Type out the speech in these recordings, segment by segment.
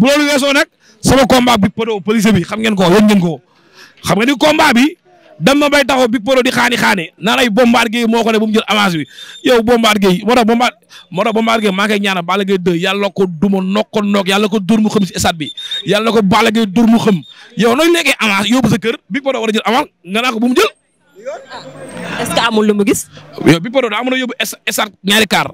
bu loolu weesoo nag sama combat bi Podo police bi xam ngeen ko yëg ngeen ko xam nga ni combat bi dem na bay taxaw bi Podo di xaani xaani naan ay Bombardier moo ko ne bu mu jël avance bi yow Bombardier moo tax Bombardier moo tax Bombardier maa ngi koy ñaanal Balla Gaye 2 ko duma nokk ko nokk yàlla ko dóor mu xam bi yàlla ko Balla Gaye dóor mu xam yow nooy léegi avance yóbbu sa kër bi Podo war a jël avance nga naa ko bu jël. est-ce que amul mu gis. yow bi Bordeaux daa mën a yóbbu esar ñaari kaar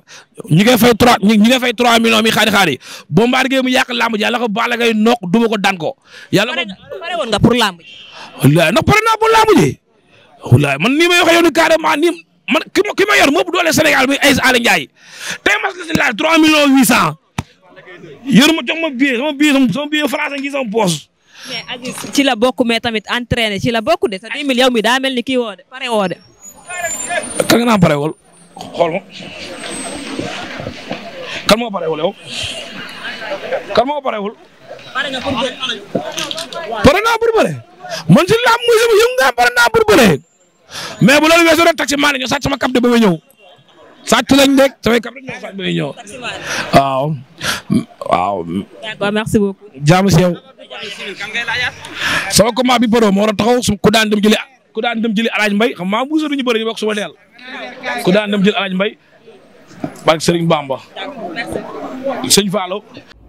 ñi ngay fay trois millions mi xaari xaari Bombardier mu yàq làmb ji yàlla ko Balla Gaye nook duma ko daan ko. yàlla ko pare woon nga pour làmb ji. wallaahi ndax pare naa pour làmb ji wallaahi man nii may waxee yow ni carrément nii man ki ma doole Sénégal bi Aziz Aly Ndiaye tey mas si laaj trois millions huit cent yor ma jox ma billet sama billet sama billet français mais ci la bokku mais tamit ci la bokk de sa 10 000 daa mel ni kii woo de pare woo de. kan nga pare wol xool pare naa pour man ci laam mu yëngu yëngu naa pare naa pour bëre bu loolu weesoo rek taxi de ba ñëw. sàcc lañ rek samay cap rek ñëw sàcc ba waaw. waaw. d'accord merci beaucoup. si yow. sama combat bi bëroo moo war a taxaw su ku daan dem jëli ku daan dem jëli alaaj mbay xam maa buusa duñu bëri ñu bokk suma deel ku daan dem jëli alaaj mbay barke Sëriñ Bamba sëñ Fallo